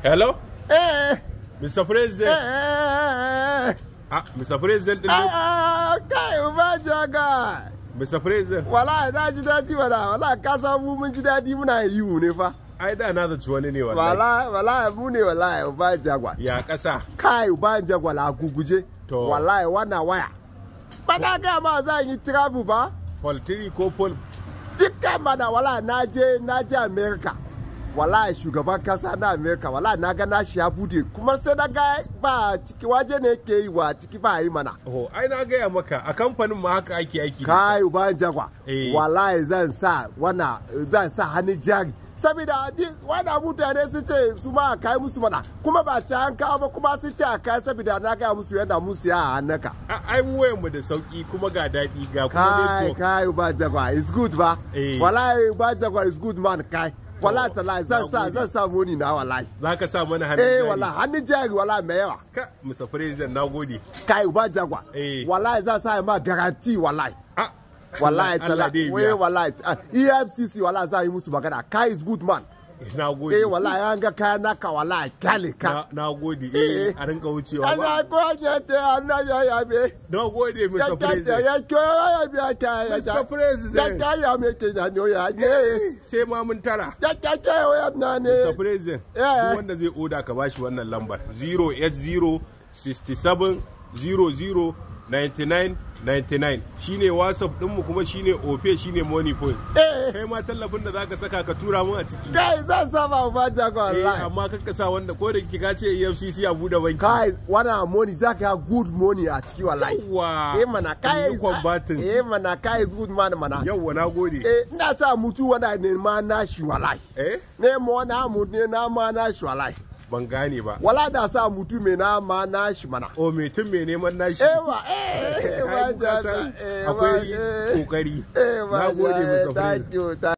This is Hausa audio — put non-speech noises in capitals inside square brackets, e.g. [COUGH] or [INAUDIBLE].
Hello? Eh. Mr. President. Eh. Ah, Mr. President. Ah, ah kai ubaja ga. Mr. President. Wallahi na ji dadi wala, wallahi ka san mu mun ji dadi muna yi ne fa. Ai da na da wani ne wallahi. Wallahi, wallahi mu ne wallahi ubaja gwa. Ya kasa. Kai ubaja gwa la guguje. To. wala wannan waya. Ba na ga ma zan yi travel ba. Poltiri ko pol. Dukkan bada wala naje je America. wala shugaban kasa na america wala na ga nashi ya bude kuma sai na ga ba ciki waje ne ke yi wa ciki ba yi mana oh ai na gaya maka a kamfanin ma haka aiki aiki kai uban jagwa eh. wala zan sa wana zan sa hannu jari saboda wanda mutane su ce su ma kai musu mana kuma ba ci an kawo ba kuma su ce a kai saboda na gaya musu yadda musu ya hannaka ai mu mu da sauki kuma ga daɗi ga kuma kai kai ba jagwa is good ba eh. wallahi ba jagwa is good man kai wallahi tallahi zan sa zan sa moni na wallahi zaka sa mana hannun eh, jari eh wallahi hannun jari wallahi mai yawa ka musa president nagode kai uba jagwa eh. wallahi zan sa ma garanti wallahi ah. wallahi [LAUGHS] tallahi eh, wallahi ah, EFCC wallahi za yi musu magana kai is good man Eh, na gode eh wallahi an ga kaya ka wallahi kale ka na gode eh, eh a rinka wucewa ba na gode te Allah ya ya be na gode mr president ya ko ya biya ta ya mr president ta ya me te da no ya ne eh, sai ma mun tara ta ta ya wa na ne mr president wanda zai oda ka bashi wannan lambar 080 67 00 99 99 shine whatsapp dinmu kuma shine ofe shine money point eh kai ma tallafin da zaka saka ka tura mu a ciki kai zan sa ba ba ja ko eh, wallahi amma kanka sa wanda ko da kika ce EFCC abu da banki kai wana money zaka ya good money a ciki wallahi eh mana kai eh mana kai good man mana yawa na gode eh ina sa mutu wanda ne ma na shi wallahi eh ne mo na mu ne na ma na shi wallahi ban gane ba wala da sa mutum mai na nashi mana o mutum mai neman nashi ewa ewa eh, eh, eh, akwai kokari na gode musa